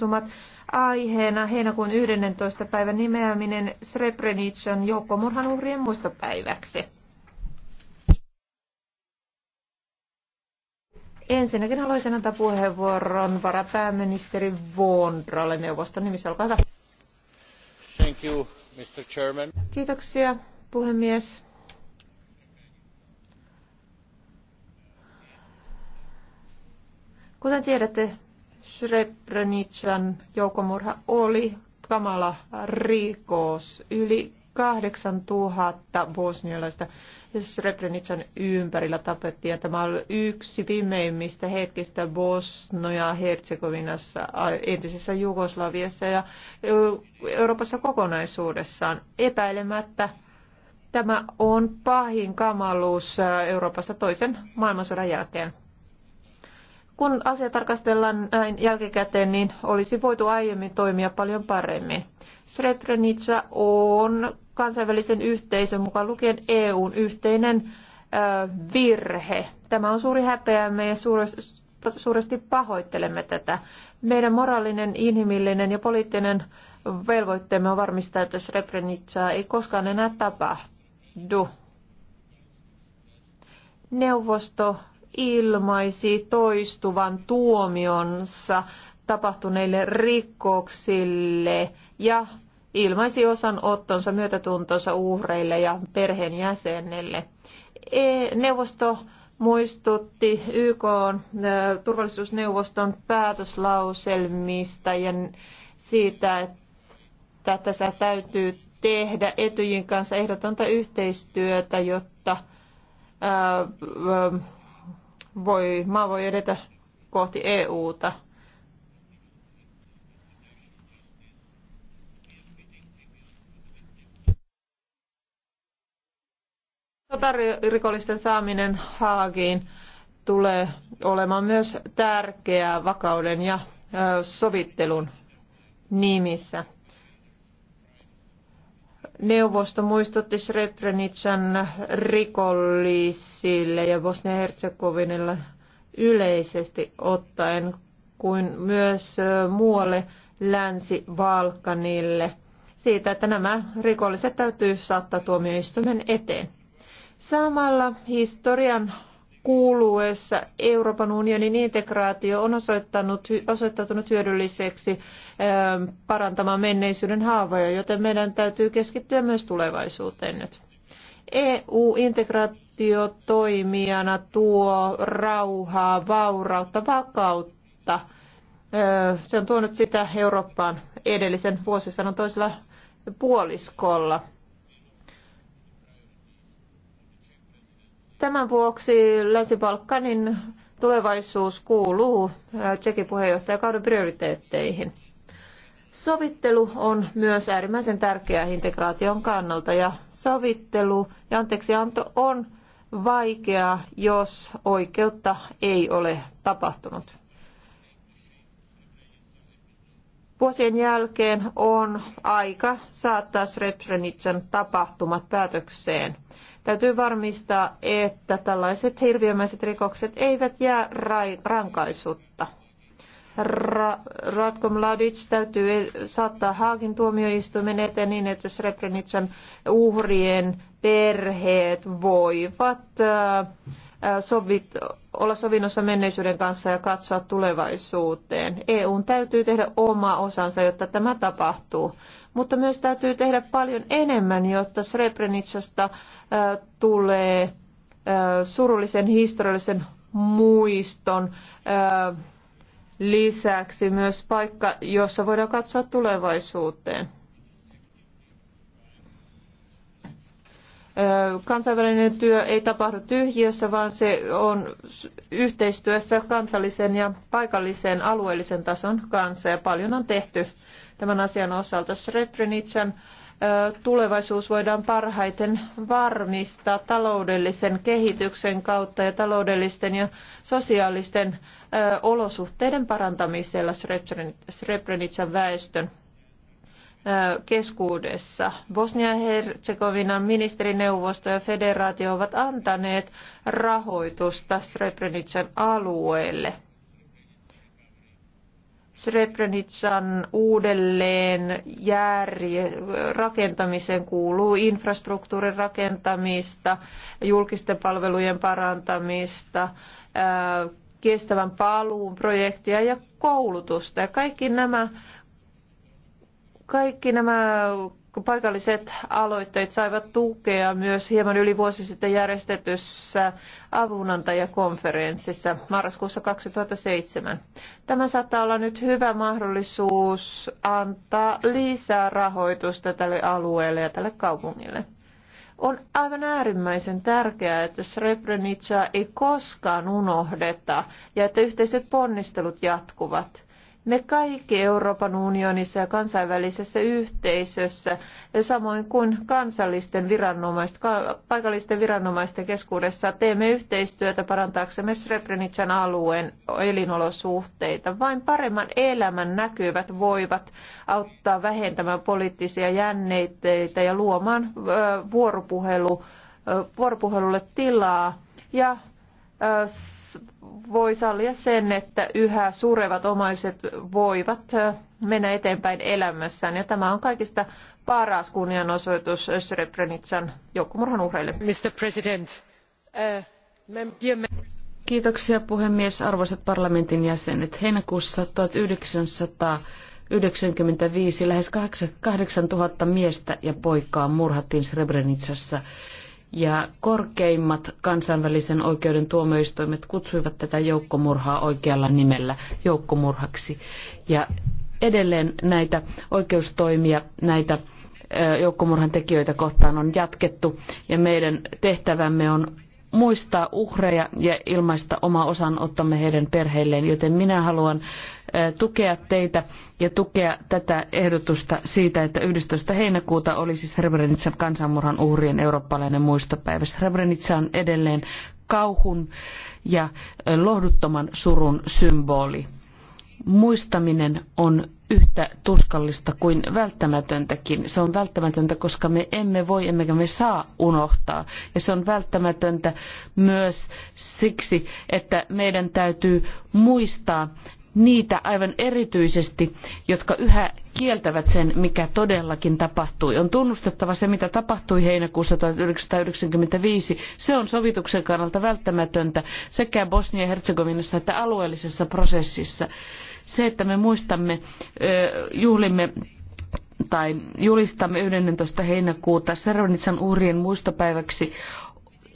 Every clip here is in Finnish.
kutsumat aiheena heinäkuun 11. päivän nimeäminen Srebrenican joukkomurhan uhrien muistopäiväksi. Ensinnäkin haluaisin antaa puheenvuoron varapääministeri Vondralle neuvoston nimissä. Olkaa hyvä. Thank you, Mr. Chairman. Kiitoksia, puhemies. Kuten tiedätte, Srebrenican joukomurha oli kamala rikos. Yli 8000 bosnialaista Srebrenican ympärillä tapettiin. Tämä oli yksi pimeimmistä hetkistä Bosnoja Herzegovinassa, entisessä Jugoslaviassa ja Euroopassa kokonaisuudessaan. Epäilemättä tämä on pahin kamaluus Euroopassa toisen maailmansodan jälkeen. Kun asia tarkastellaan näin jälkikäteen, niin olisi voitu aiemmin toimia paljon paremmin. Srebrenica on kansainvälisen yhteisön mukaan lukien EUn yhteinen virhe. Tämä on suuri häpeämme ja suuresti pahoittelemme tätä. Meidän moraalinen, inhimillinen ja poliittinen velvoitteemme on varmistaa, että Srebrenicaa ei koskaan enää tapahdu. Neuvosto ilmaisi toistuvan tuomionsa tapahtuneille rikoksille ja ilmaisi osan ottonsa myötätuntonsa uhreille ja perheenjäsenille. E, neuvosto muistutti YK turvallisuusneuvoston päätöslauselmista ja siitä, että tässä täytyy tehdä Etyjin kanssa ehdotonta yhteistyötä, jotta voi, maa voi edetä kohti EUta. Sotarikollisten saaminen Haagiin tulee olemaan myös tärkeää vakauden ja sovittelun nimissä. Neuvosto muistutti Srebrenitsan rikollisille ja Bosnia-Herzegovinilla yleisesti ottaen kuin myös muualle Länsi-Balkanille siitä, että nämä rikolliset täytyy saattaa tuomioistuimen eteen. Samalla historian kuuluessa Euroopan unionin integraatio on osoittanut, osoittautunut hyödylliseksi ähm, parantamaan menneisyyden haavoja, joten meidän täytyy keskittyä myös tulevaisuuteen nyt. EU-integraatio toimijana tuo rauhaa, vaurautta, vakautta. Äh, se on tuonut sitä Eurooppaan edellisen vuosisadan toisella puoliskolla. Tämän vuoksi Länsi-Balkanin tulevaisuus kuuluu Tsekin puheenjohtajakauden prioriteetteihin. Sovittelu on myös äärimmäisen tärkeää integraation kannalta ja sovittelu ja anteeksianto on vaikea, jos oikeutta ei ole tapahtunut. Vuosien jälkeen on aika saattaa Srebrenicen tapahtumat päätökseen. Täytyy varmistaa, että tällaiset hirviömäiset rikokset eivät jää rankaisutta. Ra- Ratko Mladic täytyy e- saattaa Haagin tuomioistuimen eteen niin, että Srebrenican uhrien perheet voivat äh, Äh, sovit, olla sovinnossa menneisyyden kanssa ja katsoa tulevaisuuteen. EUn täytyy tehdä oma osansa, jotta tämä tapahtuu. Mutta myös täytyy tehdä paljon enemmän, jotta Srebrenicasta äh, tulee äh, surullisen historiallisen muiston lisäksi myös paikka, jossa voidaan katsoa tulevaisuuteen. Kansainvälinen työ ei tapahdu tyhjiössä, vaan se on yhteistyössä kansallisen ja paikallisen alueellisen tason kanssa ja paljon on tehty tämän asian osalta. Srebrenican tulevaisuus voidaan parhaiten varmistaa taloudellisen kehityksen kautta ja taloudellisten ja sosiaalisten olosuhteiden parantamisella Srebrenican väestön keskuudessa. Bosnia-Herzegovinan ministerineuvosto ja federaatio ovat antaneet rahoitusta Srebrenitsan alueelle. Srebrenitsan uudelleen järje, rakentamiseen kuuluu infrastruktuurin rakentamista, julkisten palvelujen parantamista, kestävän paluun projektia ja koulutusta. Ja kaikki nämä kaikki nämä paikalliset aloitteet saivat tukea myös hieman yli vuosi sitten järjestetyssä avunantajakonferenssissa marraskuussa 2007. Tämä saattaa olla nyt hyvä mahdollisuus antaa lisää rahoitusta tälle alueelle ja tälle kaupungille. On aivan äärimmäisen tärkeää, että Srebrenica ei koskaan unohdeta ja että yhteiset ponnistelut jatkuvat – me kaikki Euroopan unionissa ja kansainvälisessä yhteisössä, samoin kuin kansallisten viranomaisten, paikallisten viranomaisten keskuudessa, teemme yhteistyötä parantaaksemme Srebrenican alueen elinolosuhteita. Vain paremman elämän näkyvät voivat auttaa vähentämään poliittisia jännitteitä ja luomaan vuoropuhelu, vuoropuhelulle tilaa ja voi sallia sen, että yhä surevat omaiset voivat mennä eteenpäin elämässään. Ja tämä on kaikista paras kunnianosoitus Srebrenitsan joukkomurhan uhreille. Mr. President, uh, Kiitoksia puhemies, arvoisat parlamentin jäsenet. Heinäkuussa 1995 lähes 8000 miestä ja poikaa murhattiin Srebrenitsassa ja korkeimmat kansainvälisen oikeuden tuomioistuimet kutsuivat tätä joukkomurhaa oikealla nimellä joukkomurhaksi. Ja edelleen näitä oikeustoimia, näitä joukkomurhan tekijöitä kohtaan on jatkettu ja meidän tehtävämme on muistaa uhreja ja ilmaista oma osanottomme heidän perheilleen, joten minä haluan tukea teitä ja tukea tätä ehdotusta siitä, että 11. heinäkuuta olisi Srebrenitsan kansanmurhan uhrien eurooppalainen muistopäivä. Srebrenica on edelleen kauhun ja lohduttoman surun symboli. Muistaminen on yhtä tuskallista kuin välttämätöntäkin. Se on välttämätöntä, koska me emme voi emmekä me saa unohtaa. Ja se on välttämätöntä myös siksi, että meidän täytyy muistaa niitä aivan erityisesti, jotka yhä kieltävät sen, mikä todellakin tapahtui. On tunnustettava se, mitä tapahtui heinäkuussa 1995. Se on sovituksen kannalta välttämätöntä sekä Bosnia-Herzegovinassa että alueellisessa prosessissa. Se, että me muistamme, juhlimme tai julistamme 11. heinäkuuta Seronitsan uhrien muistopäiväksi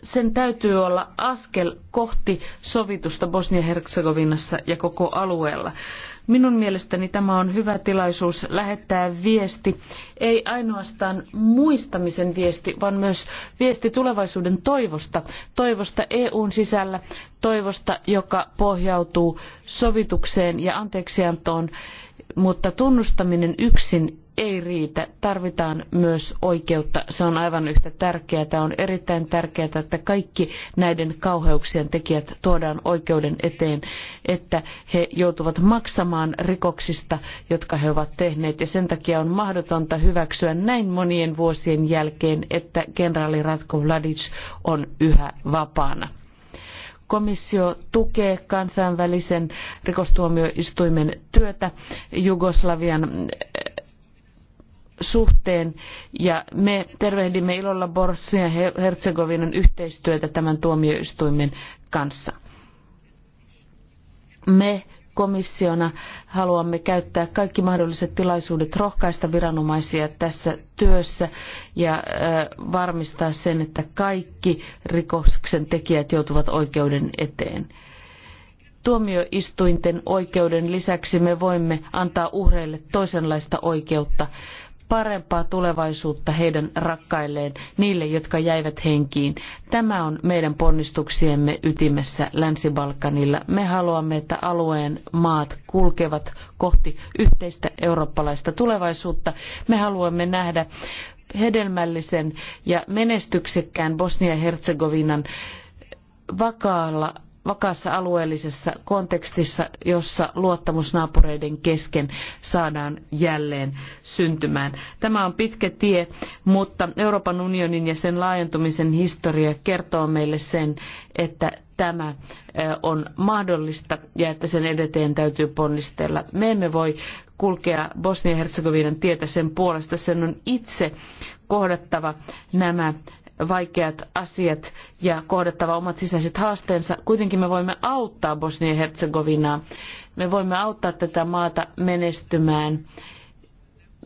sen täytyy olla askel kohti sovitusta Bosnia-Herzegovinassa ja koko alueella. Minun mielestäni tämä on hyvä tilaisuus lähettää viesti, ei ainoastaan muistamisen viesti, vaan myös viesti tulevaisuuden toivosta, toivosta EUn sisällä, toivosta, joka pohjautuu sovitukseen ja anteeksiantoon mutta tunnustaminen yksin ei riitä. Tarvitaan myös oikeutta. Se on aivan yhtä tärkeää. Tämä on erittäin tärkeää, että kaikki näiden kauheuksien tekijät tuodaan oikeuden eteen, että he joutuvat maksamaan rikoksista, jotka he ovat tehneet. Ja sen takia on mahdotonta hyväksyä näin monien vuosien jälkeen, että kenraali Ratko Vladic on yhä vapaana. Komissio tukee kansainvälisen rikostuomioistuimen työtä Jugoslavian eh, suhteen ja me tervehdimme ilolla Bosnia Herzegovinan yhteistyötä tämän tuomioistuimen kanssa. Me komissiona haluamme käyttää kaikki mahdolliset tilaisuudet rohkaista viranomaisia tässä työssä ja varmistaa sen, että kaikki rikoksen tekijät joutuvat oikeuden eteen. Tuomioistuinten oikeuden lisäksi me voimme antaa uhreille toisenlaista oikeutta parempaa tulevaisuutta heidän rakkailleen, niille, jotka jäivät henkiin. Tämä on meidän ponnistuksiemme ytimessä Länsi-Balkanilla. Me haluamme, että alueen maat kulkevat kohti yhteistä eurooppalaista tulevaisuutta. Me haluamme nähdä hedelmällisen ja menestyksekkään Bosnia-Herzegovinan vakaalla vakaassa alueellisessa kontekstissa, jossa luottamus naapureiden kesken saadaan jälleen syntymään. Tämä on pitkä tie, mutta Euroopan unionin ja sen laajentumisen historia kertoo meille sen, että tämä on mahdollista ja että sen edeteen täytyy ponnistella. Me emme voi kulkea Bosnia-Herzegovinan tietä sen puolesta. Sen on itse kohdattava nämä vaikeat asiat ja kohdattava omat sisäiset haasteensa. Kuitenkin me voimme auttaa Bosnia-Herzegovinaa. Me voimme auttaa tätä maata menestymään.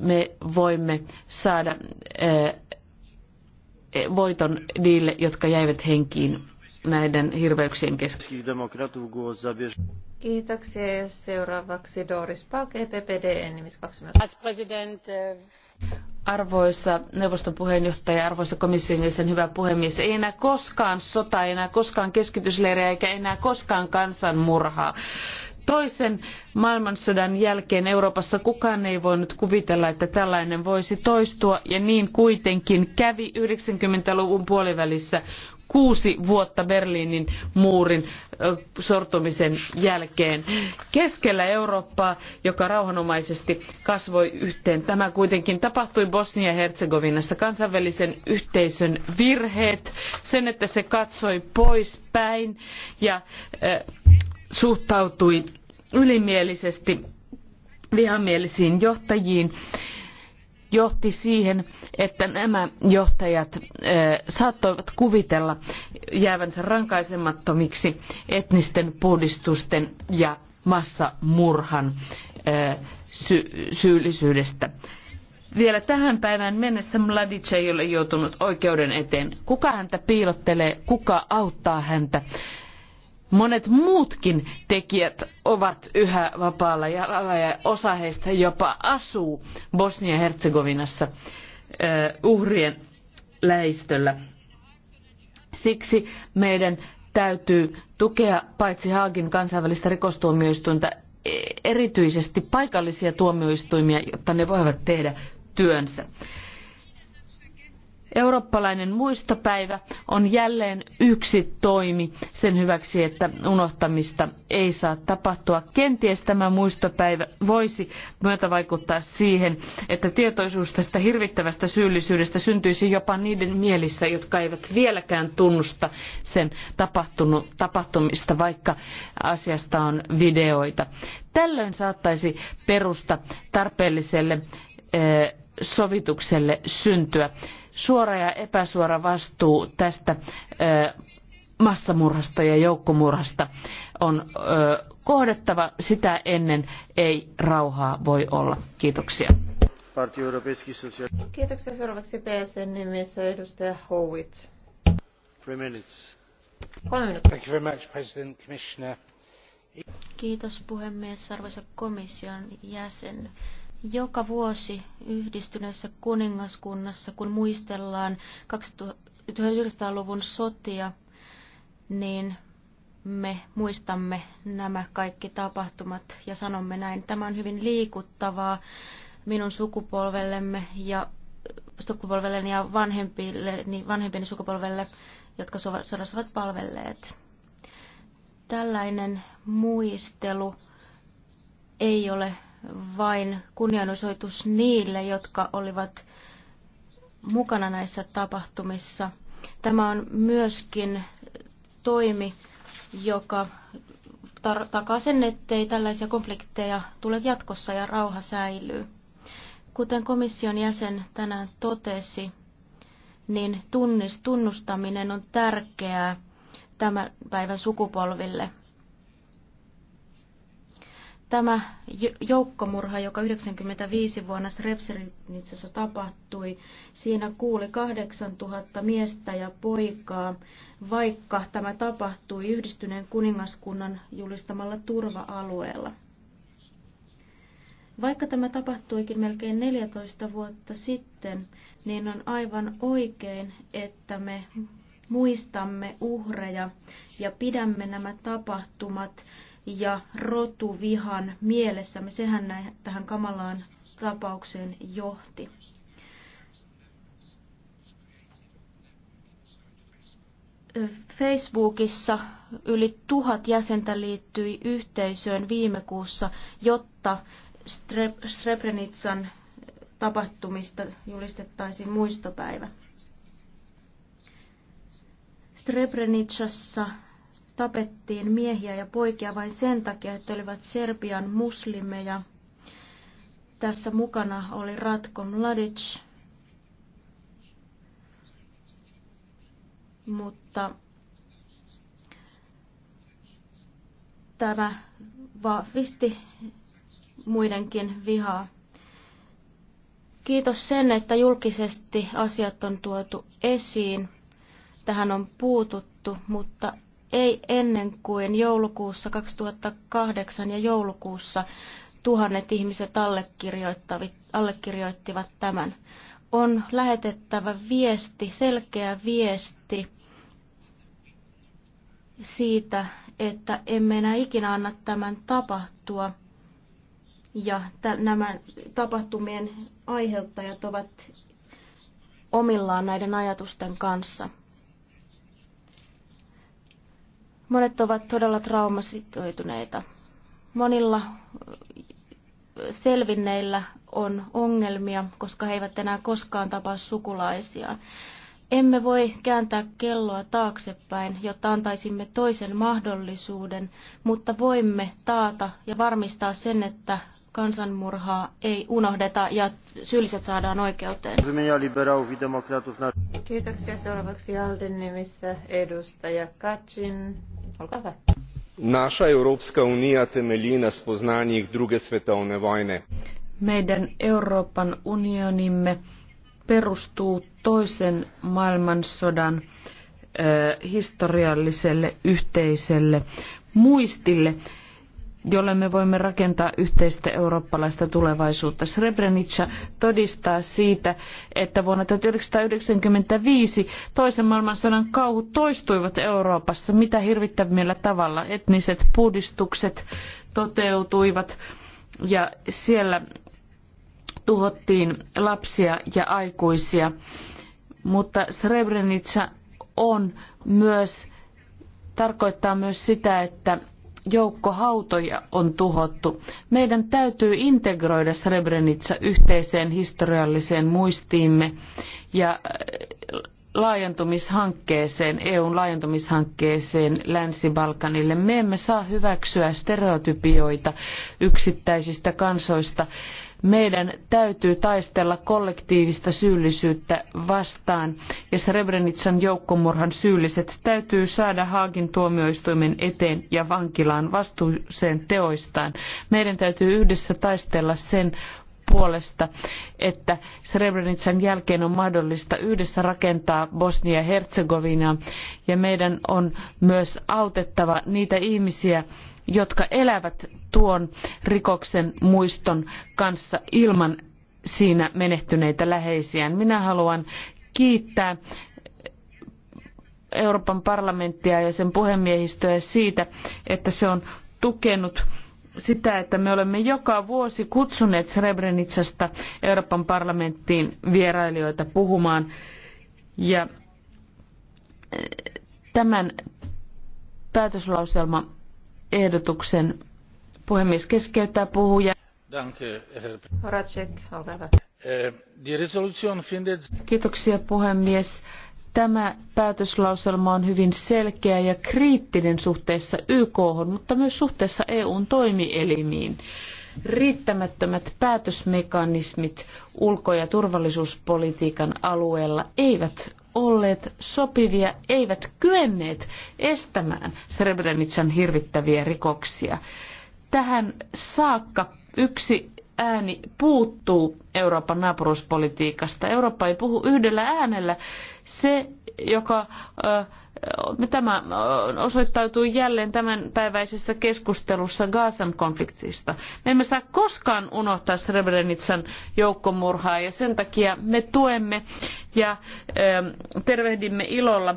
Me voimme saada eh, voiton niille, jotka jäivät henkiin näiden hirveyksien keskellä. Kiitoksia. Seuraavaksi Doris Pauke, PPD, nimissä 20. Arvoisa neuvoston puheenjohtaja, arvoisa komission jäsen, hyvä puhemies, ei enää koskaan sota, ei enää koskaan keskitysleirejä eikä enää koskaan kansanmurhaa toisen maailmansodan jälkeen Euroopassa kukaan ei voinut kuvitella, että tällainen voisi toistua, ja niin kuitenkin kävi 90-luvun puolivälissä, kuusi vuotta Berliinin muurin sortumisen jälkeen keskellä Eurooppaa, joka rauhanomaisesti kasvoi yhteen. Tämä kuitenkin tapahtui Bosnia-Herzegovinassa. Kansainvälisen yhteisön virheet, sen, että se katsoi poispäin ja suhtautui ylimielisesti vihamielisiin johtajiin johti siihen, että nämä johtajat eh, saattoivat kuvitella jäävänsä rankaisemattomiksi etnisten puhdistusten ja massamurhan eh, syyllisyydestä. Vielä tähän päivään mennessä Mladic ei ole joutunut oikeuden eteen. Kuka häntä piilottelee, kuka auttaa häntä? Monet muutkin tekijät ovat yhä vapaalla jalalla ja osa heistä jopa asuu Bosnia-Herzegovinassa uhrien läistöllä. Siksi meidän täytyy tukea paitsi Haagin kansainvälistä rikostuomioistuinta e, erityisesti paikallisia tuomioistuimia, jotta ne voivat tehdä työnsä. Eurooppalainen muistopäivä on jälleen yksi toimi sen hyväksi, että unohtamista ei saa tapahtua. Kenties tämä muistopäivä voisi myötävaikuttaa siihen, että tietoisuus tästä hirvittävästä syyllisyydestä syntyisi jopa niiden mielissä, jotka eivät vieläkään tunnusta sen tapahtumista, vaikka asiasta on videoita. Tällöin saattaisi perusta tarpeelliselle eh, sovitukselle syntyä. Suora ja epäsuora vastuu tästä massamurhasta ja joukkomurhasta on kohdettava Sitä ennen ei rauhaa voi olla. Kiitoksia. Kiitoksia. Seuraavaksi PSN nimessä edustaja Howitt. Kiitos puhemies, arvoisa komission jäsen. Joka vuosi yhdistyneessä kuningaskunnassa, kun muistellaan 1900-luvun sotia, niin me muistamme nämä kaikki tapahtumat ja sanomme näin. Tämä on hyvin liikuttavaa minun sukupolvellemme ja sukupolvelleni ja vanhempille, niin vanhempieni sukupolvelle, jotka sodassa ovat palvelleet. Tällainen muistelu ei ole vain kunnianosoitus niille, jotka olivat mukana näissä tapahtumissa. Tämä on myöskin toimi, joka tar- takaa sen, ettei tällaisia konflikteja tule jatkossa ja rauha säilyy. Kuten komission jäsen tänään totesi, niin tunnustaminen on tärkeää tämän päivän sukupolville. Tämä joukkomurha, joka 95 vuonna Srebrenicassa tapahtui, siinä kuuli 8000 miestä ja poikaa, vaikka tämä tapahtui yhdistyneen kuningaskunnan julistamalla turva-alueella. Vaikka tämä tapahtuikin melkein 14 vuotta sitten, niin on aivan oikein, että me muistamme uhreja ja pidämme nämä tapahtumat ja rotuvihan mielessämme. Sehän näin, tähän kamalaan tapaukseen johti. Facebookissa yli tuhat jäsentä liittyi yhteisöön viime kuussa, jotta Srebrenitsan tapahtumista julistettaisiin muistopäivä. Srebrenitsassa tapettiin miehiä ja poikia vain sen takia, että olivat Serbian muslimeja. Tässä mukana oli Ratko Mladic, mutta tämä vahvisti muidenkin vihaa. Kiitos sen, että julkisesti asiat on tuotu esiin. Tähän on puututtu, mutta ei ennen kuin joulukuussa 2008 ja joulukuussa tuhannet ihmiset allekirjoittivat tämän. On lähetettävä viesti, selkeä viesti siitä, että emme enää ikinä anna tämän tapahtua. Ja t- nämä tapahtumien aiheuttajat ovat omillaan näiden ajatusten kanssa. Monet ovat todella traumasitoituneita. Monilla selvinneillä on ongelmia, koska he eivät enää koskaan tapaa sukulaisiaan. Emme voi kääntää kelloa taaksepäin, jotta antaisimme toisen mahdollisuuden, mutta voimme taata ja varmistaa sen, että kansanmurhaa ei unohdeta ja syylliset saadaan oikeuteen. Kiitoksia. Seuraavaksi Alden nimissä edustaja Kacin. Olkaa hyvä. Naša Europska unija temelji na spoznanjih druge svetovne vojne. Meidän Euroopan unionimme perustuu toisen maailmansodan äh, historialliselle yhteiselle muistille jolle me voimme rakentaa yhteistä eurooppalaista tulevaisuutta. Srebrenica todistaa siitä, että vuonna 1995 toisen maailmansodan kauhut toistuivat Euroopassa mitä hirvittävimmillä tavalla. Etniset puhdistukset toteutuivat ja siellä tuhottiin lapsia ja aikuisia. Mutta Srebrenica on myös, tarkoittaa myös sitä, että joukko hautoja on tuhottu. Meidän täytyy integroida Srebrenica yhteiseen historialliseen muistiimme ja äh, laajentumishankkeeseen, EUn laajentumishankkeeseen Länsi-Balkanille. Me emme saa hyväksyä stereotypioita yksittäisistä kansoista meidän täytyy taistella kollektiivista syyllisyyttä vastaan ja Srebrenitsan joukkomurhan syylliset täytyy saada Haagin tuomioistuimen eteen ja vankilaan vastuuseen teoistaan. Meidän täytyy yhdessä taistella sen puolesta, että Srebrenican jälkeen on mahdollista yhdessä rakentaa Bosnia ja ja meidän on myös autettava niitä ihmisiä, jotka elävät tuon rikoksen muiston kanssa ilman siinä menehtyneitä läheisiään. Minä haluan kiittää Euroopan parlamenttia ja sen puhemiehistöä siitä, että se on tukenut sitä, että me olemme joka vuosi kutsuneet Srebrenitsasta Euroopan parlamenttiin vierailijoita puhumaan. Ja eh, tämän päätöslauselma ehdotuksen Puhemies keskeyttää puhuja. Eh, Kiitoksia puhemies. Tämä päätöslauselma on hyvin selkeä ja kriittinen suhteessa YK, mutta myös suhteessa EUn toimielimiin riittämättömät päätösmekanismit ulko- ja turvallisuuspolitiikan alueella eivät olleet sopivia, eivät kyenneet estämään Srebrenican hirvittäviä rikoksia tähän saakka yksi ääni puuttuu Euroopan naapuruuspolitiikasta. Eurooppa ei puhu yhdellä äänellä se, joka tämä osoittautui jälleen tämänpäiväisessä keskustelussa Gaasan konfliktista. Me emme saa koskaan unohtaa Srebrenitsan joukkomurhaa ja sen takia me tuemme ja tervehdimme ilolla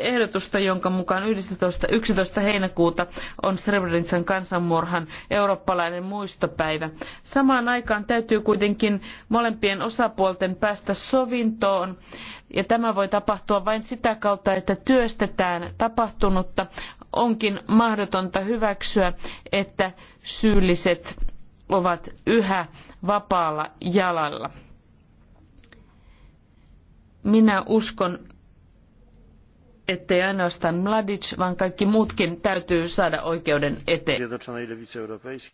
ehdotusta, jonka mukaan 11. 11 heinäkuuta on Srebrenitsan kansanmurhan eurooppalainen muistopäivä. Samaan aikaan täytyy kuitenkin molempien osapuolten päästä sovintoon ja tämä voi tapahtua vain sitä kautta, että työstetään tapahtunutta. Onkin mahdotonta hyväksyä, että syylliset ovat yhä vapaalla jalalla. Minä uskon, ettei ainoastaan Mladic, vaan kaikki muutkin täytyy saada oikeuden eteen.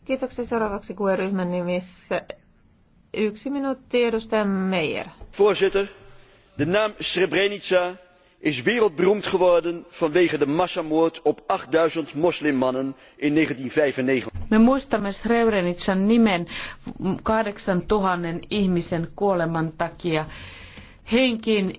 Kiitoksia seuraavaksi QE-ryhmän nimissä. Yksi minuutti, edustaja Meijer. Voorzitter, de naam srebrenica is wereldberoemd geworden vanwege de massamoord op achtduizend moslimmannen in. duizendnegenhonderdvijfennegentig me muistamme srebrenican nimen ihmisen kuoleman takia. henkiin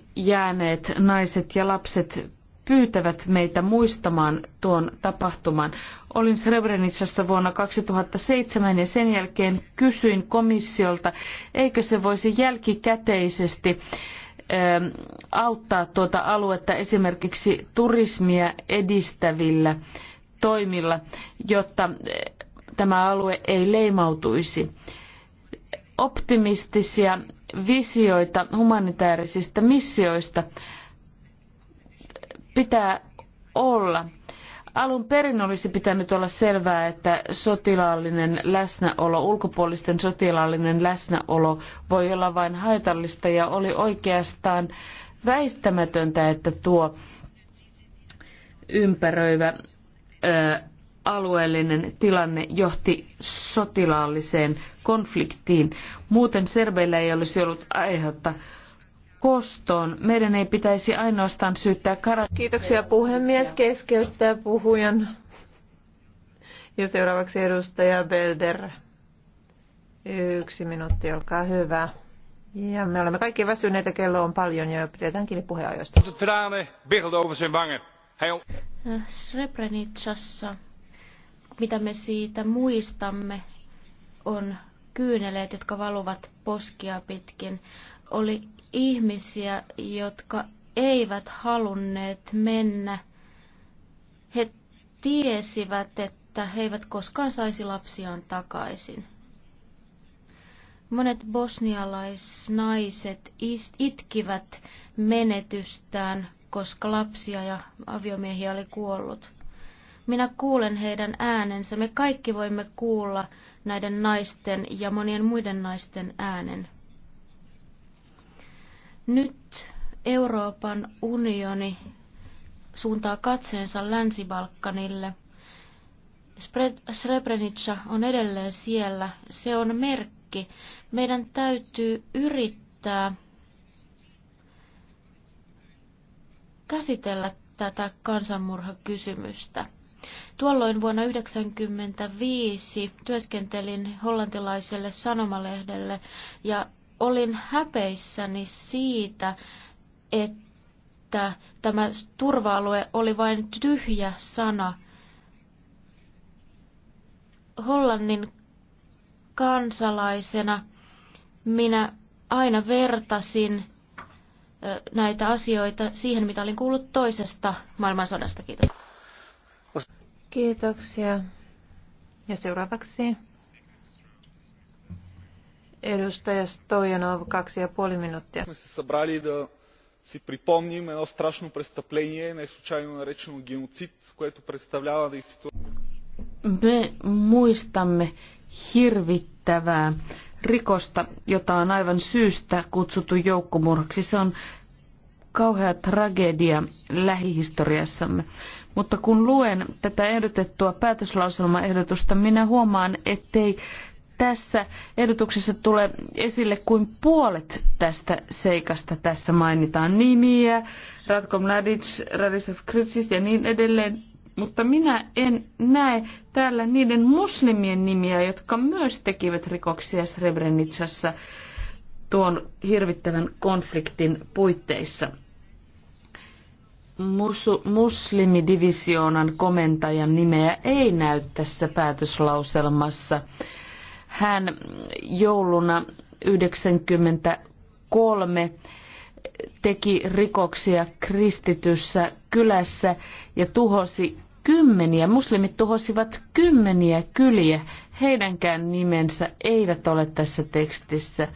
naiset ja lapset pyytävät meitä muistamaan tuon tapahtuman. Olin Srebrenicassa vuonna 2007 ja sen jälkeen kysyin komissiolta, eikö se voisi jälkikäteisesti Ähm, auttaa tuota aluetta esimerkiksi turismia edistävillä toimilla, jotta äh, tämä alue ei leimautuisi. Optimistisia visioita humanitaarisista missioista pitää olla. Alun perin olisi pitänyt olla selvää, että sotilaallinen läsnäolo, ulkopuolisten sotilaallinen läsnäolo voi olla vain haitallista ja oli oikeastaan väistämätöntä, että tuo ympäröivä ö, alueellinen tilanne johti sotilaalliseen konfliktiin. Muuten serveillä ei olisi ollut aihetta kostoon. Meidän ei pitäisi ainoastaan syyttää karat... Kiitoksia puhemies keskeyttää puhujan. Ja seuraavaksi edustaja Belder. Yksi minuutti, olkaa hyvä. Ja me olemme kaikki väsyneitä, kello on paljon ja pidetään kiinni puheajoista. Äh, Srebrenicassa, mitä me siitä muistamme, on kyyneleet, jotka valuvat poskia pitkin. Oli ihmisiä, jotka eivät halunneet mennä. He tiesivät, että he eivät koskaan saisi lapsiaan takaisin. Monet bosnialaisnaiset itkivät menetystään, koska lapsia ja aviomiehiä oli kuollut. Minä kuulen heidän äänensä. Me kaikki voimme kuulla näiden naisten ja monien muiden naisten äänen. Nyt Euroopan unioni suuntaa katseensa Länsi-Balkanille. Srebrenica on edelleen siellä. Se on merkki. Meidän täytyy yrittää käsitellä tätä kansanmurhakysymystä. Tuolloin vuonna 1995 työskentelin hollantilaiselle sanomalehdelle ja olin häpeissäni siitä, että tämä turva-alue oli vain tyhjä sana. Hollannin kansalaisena minä aina vertasin näitä asioita siihen, mitä olin kuullut toisesta maailmansodasta. Kiitos. Kiitoksia. Ja seuraavaksi Edustaja Stojanov, kaksi ja puoli minuuttia. Me събрали да си припомним едно страшно престъпление, не случайно наречено геноцид, което представлява действително... Me muistamme hirvittävää rikosta, jota on aivan syystä kutsuttu joukkomurhaksi. Se on kauhea tragedia lähihistoriassamme. Mutta kun luen tätä ehdotettua päätöslauselmaehdotusta, minä huomaan, ettei tässä ehdotuksessa tule esille kuin puolet tästä seikasta. Tässä mainitaan nimiä, Ratko Mladic, Radisev Kritsis ja niin edelleen. Mutta minä en näe täällä niiden muslimien nimiä, jotka myös tekivät rikoksia Srebrenicassa tuon hirvittävän konfliktin puitteissa. Musu, muslimidivisioonan komentajan nimeä ei näy tässä päätöslauselmassa. Hän jouluna 1993 teki rikoksia kristityssä kylässä ja tuhosi kymmeniä, muslimit tuhosivat kymmeniä kyliä. Heidänkään nimensä eivät ole tässä tekstissä.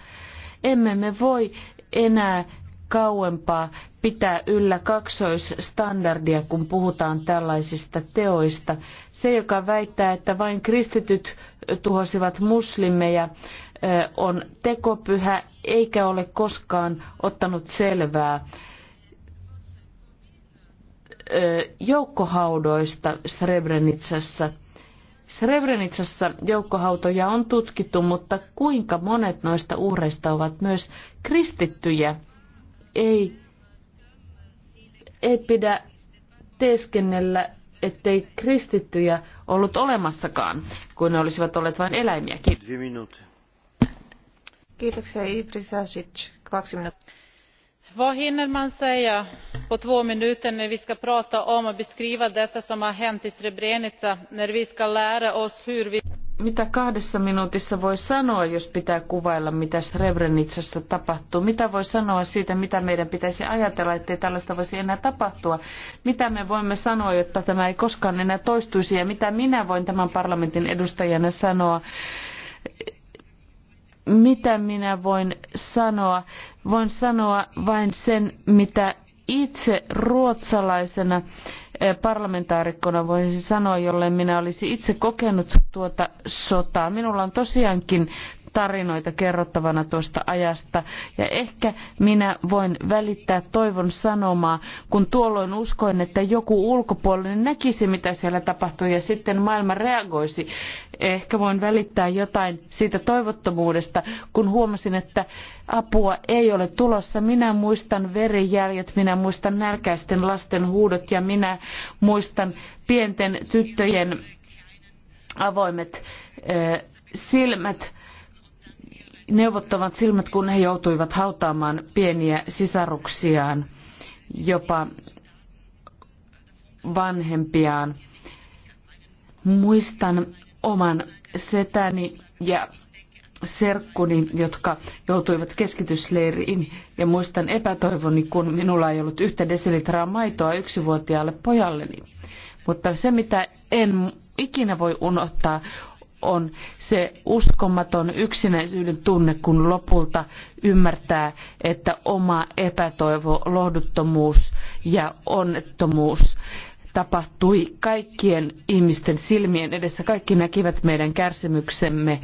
Emme me voi enää kauempaa pitää yllä kaksoisstandardia, kun puhutaan tällaisista teoista. Se, joka väittää, että vain kristityt tuhosivat muslimeja, on tekopyhä eikä ole koskaan ottanut selvää joukkohaudoista Srebrenitsassa. Srebrenitsassa joukkohautoja on tutkittu, mutta kuinka monet noista uhreista ovat myös kristittyjä? Ei, ei pidä teeskennellä ettei kristittyjä ollut olemassakaan, kun ne olisivat olleet vain eläimiä. Kiitoksia Ibrisasic. Kaksi minuuttia. Vad hinner man säga på två minuter när vi ska prata om och beskriva detta som har hänt i Srebrenica, när vi ska lära oss hur vi mitä kahdessa minuutissa voi sanoa, jos pitää kuvailla, mitä Srebrenitsassa tapahtuu? Mitä voi sanoa siitä, mitä meidän pitäisi ajatella, ettei tällaista voisi enää tapahtua? Mitä me voimme sanoa, jotta tämä ei koskaan enää toistuisi? Ja mitä minä voin tämän parlamentin edustajana sanoa? Mitä minä voin sanoa? Voin sanoa vain sen, mitä itse ruotsalaisena äh, Eh, parlamentaarikkona voisin sanoa, jolle minä olisi itse kokenut tuota sotaa. Minulla on tosiaankin tarinoita kerrottavana tuosta ajasta. Ja ehkä minä voin välittää toivon sanomaa, kun tuolloin uskoin, että joku ulkopuolinen näkisi, mitä siellä tapahtui ja sitten maailma reagoisi. Ehkä voin välittää jotain siitä toivottomuudesta, kun huomasin, että apua ei ole tulossa. Minä muistan verijäljet, minä muistan nälkäisten lasten huudot ja minä muistan pienten tyttöjen avoimet silmät neuvottavat silmät, kun he joutuivat hautaamaan pieniä sisaruksiaan, jopa vanhempiaan. Muistan oman setäni ja serkkuni, jotka joutuivat keskitysleiriin. Ja muistan epätoivoni, kun minulla ei ollut yhtä desilitraa maitoa yksivuotiaalle pojalleni. Mutta se, mitä en ikinä voi unohtaa, on se uskomaton yksinäisyyden tunne, kun lopulta ymmärtää, että oma epätoivo, lohduttomuus ja onnettomuus tapahtui kaikkien ihmisten silmien edessä. Kaikki näkivät meidän kärsimyksemme,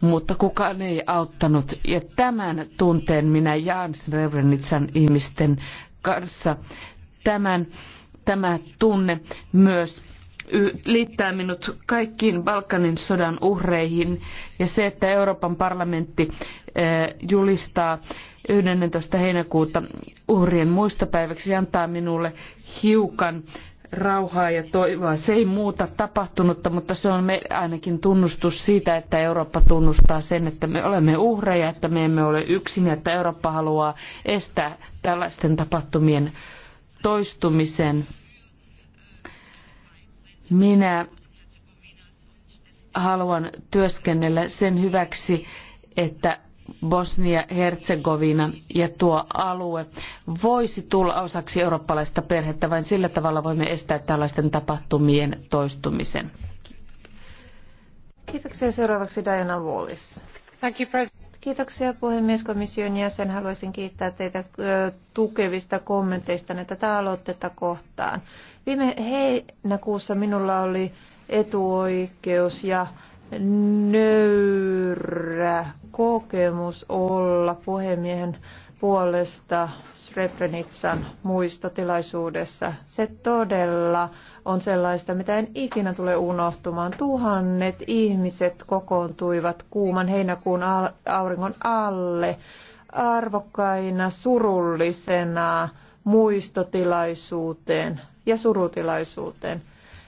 mutta kukaan ei auttanut. Ja tämän tunteen minä jaan Srebrenitsan ihmisten kanssa. Tämän, tämä tunne myös liittää minut kaikkiin Balkanin sodan uhreihin ja se, että Euroopan parlamentti eh, julistaa 11. heinäkuuta uhrien muistopäiväksi antaa minulle hiukan rauhaa ja toivoa. Se ei muuta tapahtunutta, mutta se on me ainakin tunnustus siitä, että Eurooppa tunnustaa sen, että me olemme uhreja, että me emme ole yksin ja että Eurooppa haluaa estää tällaisten tapahtumien toistumisen. Minä haluan työskennellä sen hyväksi, että Bosnia-Herzegovina ja tuo alue voisi tulla osaksi eurooppalaista perhettä. Vain sillä tavalla voimme estää tällaisten tapahtumien toistumisen. Kiitoksia. Seuraavaksi Diana Wallis. Thank you, President. Kiitoksia komission jäsen. Haluaisin kiittää teitä tukevista kommenteista tätä aloitetta kohtaan. Viime heinäkuussa minulla oli etuoikeus ja nöyrä kokemus olla puhemiehen puolesta Srebrenitsan muistotilaisuudessa. Se todella on sellaista, mitä en ikinä tule unohtumaan. Tuhannet ihmiset kokoontuivat kuuman heinäkuun auringon alle arvokkaina, surullisena muistotilaisuuteen ja surutilaisuuteen.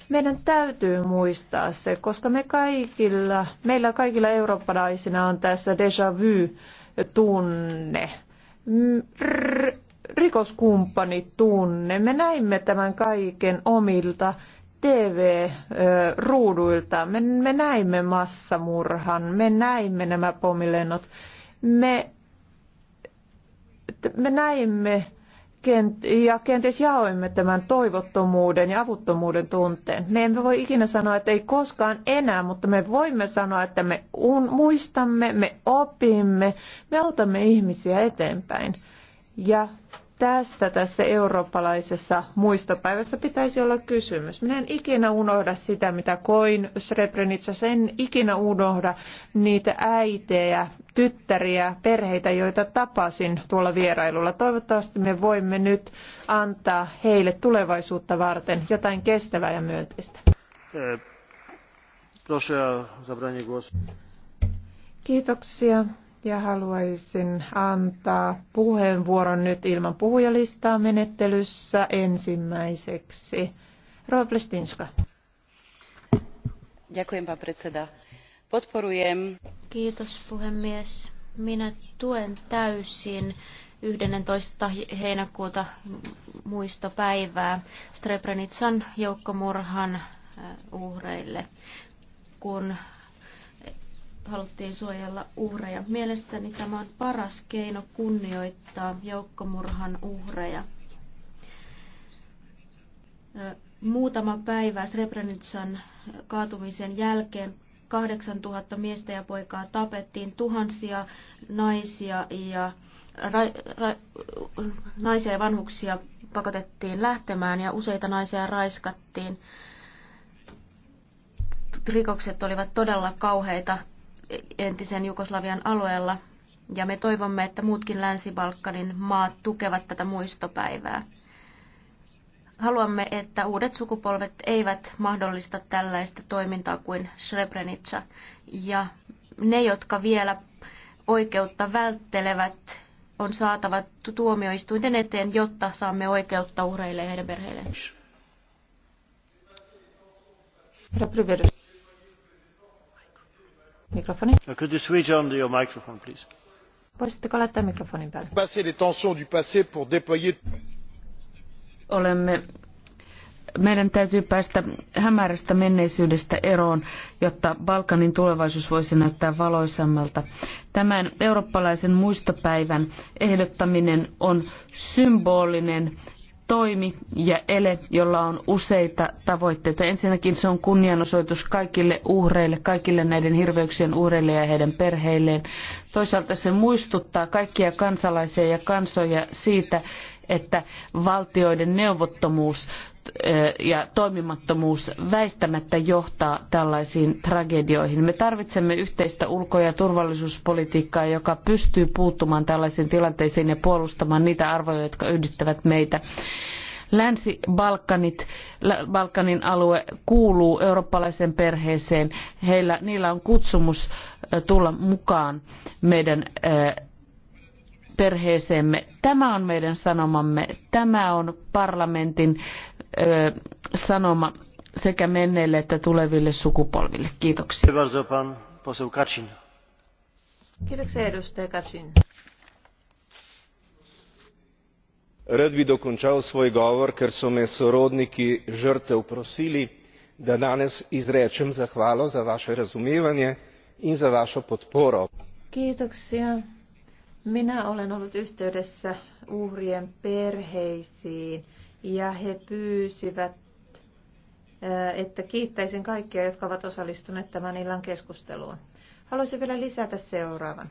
Meidän täytyy muistaa se, koska me kaikilla, meillä kaikilla eurooppalaisina on tässä déjà vu-tunne mm, tunne. Me näimme tämän kaiken omilta TV-ruuduilta. Me, me näimme massamurhan, me näimme nämä pomilennot, me, me näimme kent, ja kenties jaoimme tämän toivottomuuden ja avuttomuuden tunteen. Me emme voi ikinä sanoa, että ei koskaan enää, mutta me voimme sanoa, että me un, muistamme, me opimme, me autamme ihmisiä eteenpäin. Ja tästä tässä eurooppalaisessa muistopäivässä pitäisi olla kysymys. Minä en ikinä unohda sitä, mitä koin Srebrenica, en ikinä unohda niitä äitejä, tyttäriä, perheitä, joita tapasin tuolla vierailulla. Toivottavasti me voimme nyt antaa heille tulevaisuutta varten jotain kestävää ja myönteistä. Eh, Kiitoksia. Ja haluaisin antaa puheenvuoron nyt ilman puhujalistaa menettelyssä ensimmäiseksi. Rova Plestinska. Kiitos puhemies. Minä tuen täysin 11. heinäkuuta muistopäivää Strebrenitsan joukkomurhan äh, uhreille, kun haluttiin suojella uhreja. Mielestäni tämä on paras keino kunnioittaa joukkomurhan uhreja. Muutama päivä Srebrenitsan kaatumisen jälkeen 8000 miestä ja poikaa tapettiin, tuhansia naisia ja, ra, ra, naisia ja vanhuksia pakotettiin lähtemään ja useita naisia raiskattiin. Rikokset olivat todella kauheita entisen Jugoslavian alueella, ja me toivomme, että muutkin Länsi-Balkanin maat tukevat tätä muistopäivää. Haluamme, että uudet sukupolvet eivät mahdollista tällaista toimintaa kuin Srebrenica, ja ne, jotka vielä oikeutta välttelevät, on saatava tuomioistuinten eteen, jotta saamme oikeutta uhreille ja heidän perheilleen. Herra Bryberys. Uh, Passer les tensions du passé pour déployer... Olemme meidän täytyy päästä hämärästä menneisyydestä eroon, jotta Balkanin tulevaisuus voisi näyttää valoisammalta. Tämän eurooppalaisen muistopäivän ehdottaminen on symbolinen toimi ja ele, jolla on useita tavoitteita. Ensinnäkin se on kunnianosoitus kaikille uhreille, kaikille näiden hirveyksien uhreille ja heidän perheilleen. Toisaalta se muistuttaa kaikkia kansalaisia ja kansoja siitä, että valtioiden neuvottomuus ja toimimattomuus väistämättä johtaa tällaisiin tragedioihin. Me tarvitsemme yhteistä ulko- ja turvallisuuspolitiikkaa, joka pystyy puuttumaan tällaisiin tilanteisiin ja puolustamaan niitä arvoja, jotka yhdistävät meitä. Länsi-Balkanit, Balkanin alue kuuluu eurooppalaiseen perheeseen. Heillä, niillä on kutsumus tulla mukaan meidän perheeseemme. Tämä on meidän sanomamme. Tämä on parlamentin sanoma sekä menneille että tuleville sukupolville. Kiitoksia. Kiitoksia edustaja Kacin. Rad bi dokončal svoj govor, ker so me sorodniki žrtev prosili, da danes izrečem zahvalo za vaše razumevanje in za vašo podporo. Kiitoksia. Minä olen ollut yhteydessä uhrien perheisiin ja he pyysivät, että kiittäisin kaikkia, jotka ovat osallistuneet tämän illan keskusteluun. Haluaisin vielä lisätä seuraavan.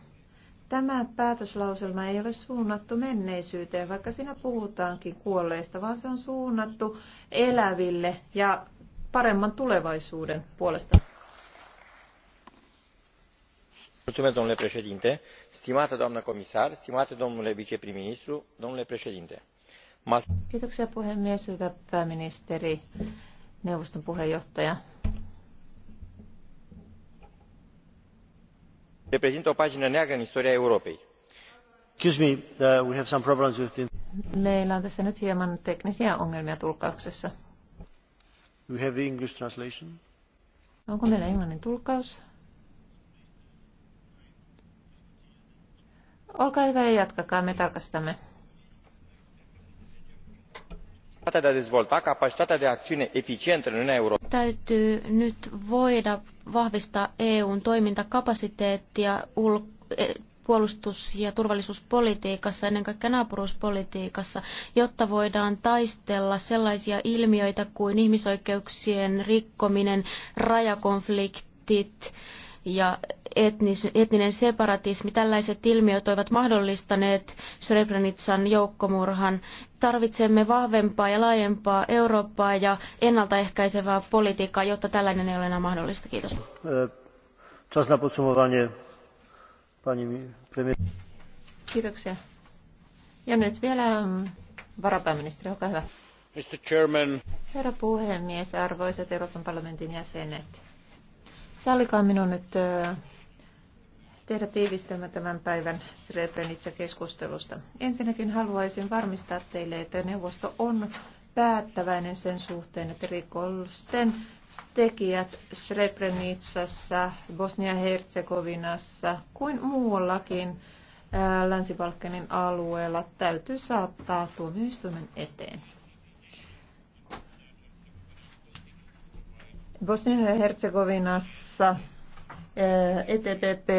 Tämä päätöslauselma ei ole suunnattu menneisyyteen, vaikka siinä puhutaankin kuolleista, vaan se on suunnattu eläville ja paremman tulevaisuuden puolesta. Mulțumesc, domnule președinte, stimată doamnă comisar, stimate domnule viceprim-ministru, domnule președinte Kiitoksia puhemies, hyvä pääministeri, neuvoston puheenjohtaja. Reprezintă o pagină neagră în istoria Europei. Uh, meillä on tässä nyt hieman teknisiä ongelmia tulkauksessa. We have the English translation. Onko meillä englannin tulkkaus? Olkaa hyvä ja jatkakaa, me tarkastamme de a dezvolta capacitatea de acțiune eficientă în Uniunea Europeană. Täytyy nyt voida vahvistaa EUn toimintakapasiteettia ul- e, puolustus- ja turvallisuuspolitiikassa, ennen kaikkea naapuruuspolitiikassa, jotta voidaan taistella sellaisia ilmiöitä kuin ihmisoikeuksien rikkominen, rajakonfliktit, ja etnis, etninen separatismi, tällaiset ilmiöt ovat mahdollistaneet Srebrenitsan joukkomurhan. Tarvitsemme vahvempaa ja laajempaa Eurooppaa ja ennaltaehkäisevää politiikkaa, jotta tällainen ei ole enää mahdollista. Kiitos. Äh, czas na podsumowanie. Pani premier... Kiitoksia. Ja nyt vielä mm, varapääministeri, olkaa hyvä. Mr. Chairman. Herra puhemies, arvoisat Euroopan parlamentin jäsenet. Sallikaa minun nyt tehdä tiivistelmä tämän päivän Srebrenica-keskustelusta. Ensinnäkin haluaisin varmistaa teille, että neuvosto on päättäväinen sen suhteen, että rikollisten tekijät Srebrenicassa, Bosnia-Herzegovinassa kuin muuallakin Länsi-Balkanin alueella täytyy saattaa tuomioistuimen eteen. Bosnia-Herzegovinassa Äh, etpp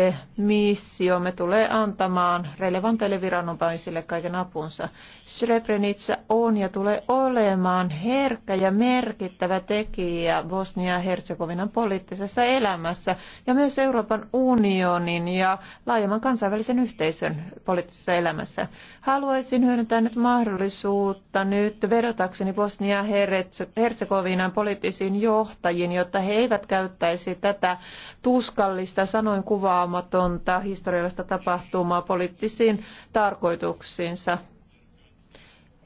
me tulee antamaan relevanteille viranomaisille kaiken apunsa. Srebrenica on ja tulee olemaan herkkä ja merkittävä tekijä Bosnia-Herzegovinan poliittisessa elämässä ja myös Euroopan unionin ja laajemman kansainvälisen yhteisön poliittisessa elämässä. Haluaisin hyödyntää nyt mahdollisuutta nyt vedotakseni Bosnia-Herzegovinan poliittisiin johtajiin, jotta he eivät käyttäisi tätä tuskaa kiusallista, sanoin kuvaamatonta historiallista tapahtumaa poliittisiin tarkoituksiinsa.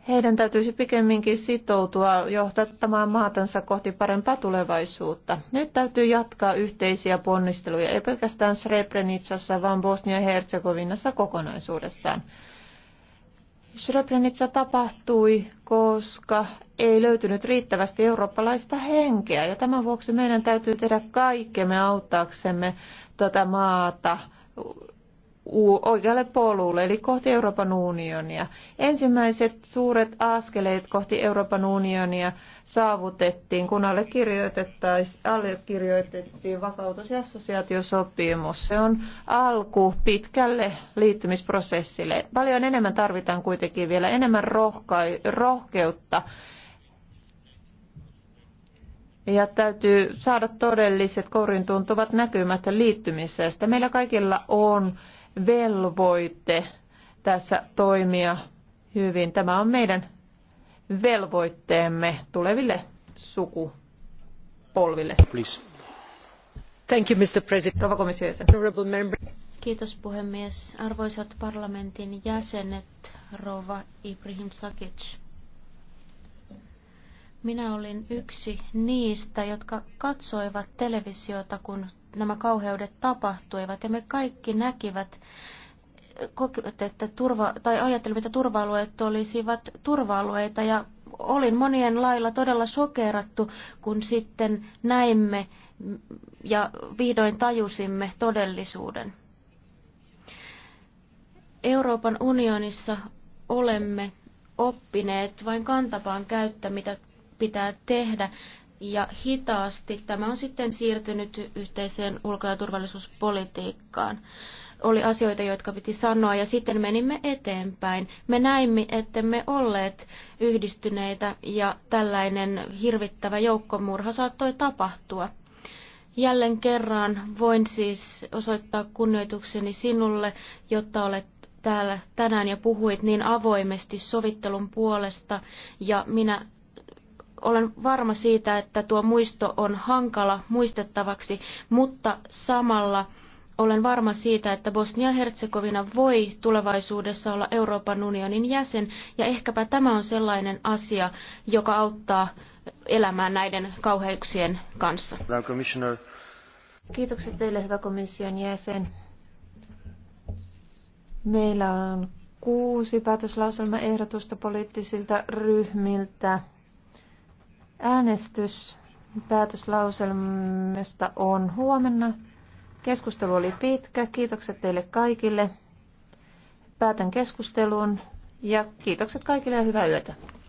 Heidän täytyisi pikemminkin sitoutua johtamaan maatansa kohti parempaa tulevaisuutta. Nyt täytyy jatkaa yhteisiä ponnisteluja, ei pelkästään Srebrenicassa, vaan Bosnia-Herzegovinassa kokonaisuudessaan. Srebrenica tapahtui, koska ei löytynyt riittävästi eurooppalaista henkeä ja tämän vuoksi meidän täytyy tehdä kaikkemme auttaaksemme tätä maata oikealle polulle, eli kohti Euroopan unionia. Ensimmäiset suuret askeleet kohti Euroopan unionia saavutettiin, kun allekirjoitettiin vakautus- ja assosiaatiosopimus. Se on alku pitkälle liittymisprosessille. Paljon enemmän tarvitaan kuitenkin vielä enemmän rohkeutta ja täytyy saada todelliset kourin tuntuvat näkymät liittymisestä. Meillä kaikilla on velvoite tässä toimia hyvin. Tämä on meidän velvoitteemme tuleville sukupolville. Please. Thank you, Mr. President. Rova Kiitos puhemies. Arvoisat parlamentin jäsenet, Rova Ibrahim Sakic. Minä olin yksi niistä, jotka katsoivat televisiota, kun nämä kauheudet tapahtuivat. Ja me kaikki näkivät, että turva, tai ajattelimme, että turva-alueet olisivat turva-alueita. Ja olin monien lailla todella sokerattu, kun sitten näimme ja vihdoin tajusimme todellisuuden. Euroopan unionissa olemme oppineet vain kantapaan käyttä, mitä pitää tehdä ja hitaasti. Tämä on sitten siirtynyt yhteiseen ulko- ja turvallisuuspolitiikkaan. Oli asioita, jotka piti sanoa ja sitten menimme eteenpäin. Me näimme, että me olleet yhdistyneitä ja tällainen hirvittävä joukkomurha saattoi tapahtua. Jälleen kerran voin siis osoittaa kunnioitukseni sinulle, jotta olet täällä tänään ja puhuit niin avoimesti sovittelun puolesta ja minä olen varma siitä, että tuo muisto on hankala muistettavaksi, mutta samalla olen varma siitä, että Bosnia-Herzegovina voi tulevaisuudessa olla Euroopan unionin jäsen, ja ehkäpä tämä on sellainen asia, joka auttaa elämään näiden kauheuksien kanssa. Kiitokset teille, hyvä komission jäsen. Meillä on kuusi päätöslauselmaehdotusta poliittisilta ryhmiltä. Äänestys päätöslauselmasta on huomenna. Keskustelu oli pitkä. Kiitokset teille kaikille. Päätän keskustelun ja kiitokset kaikille ja hyvää yötä.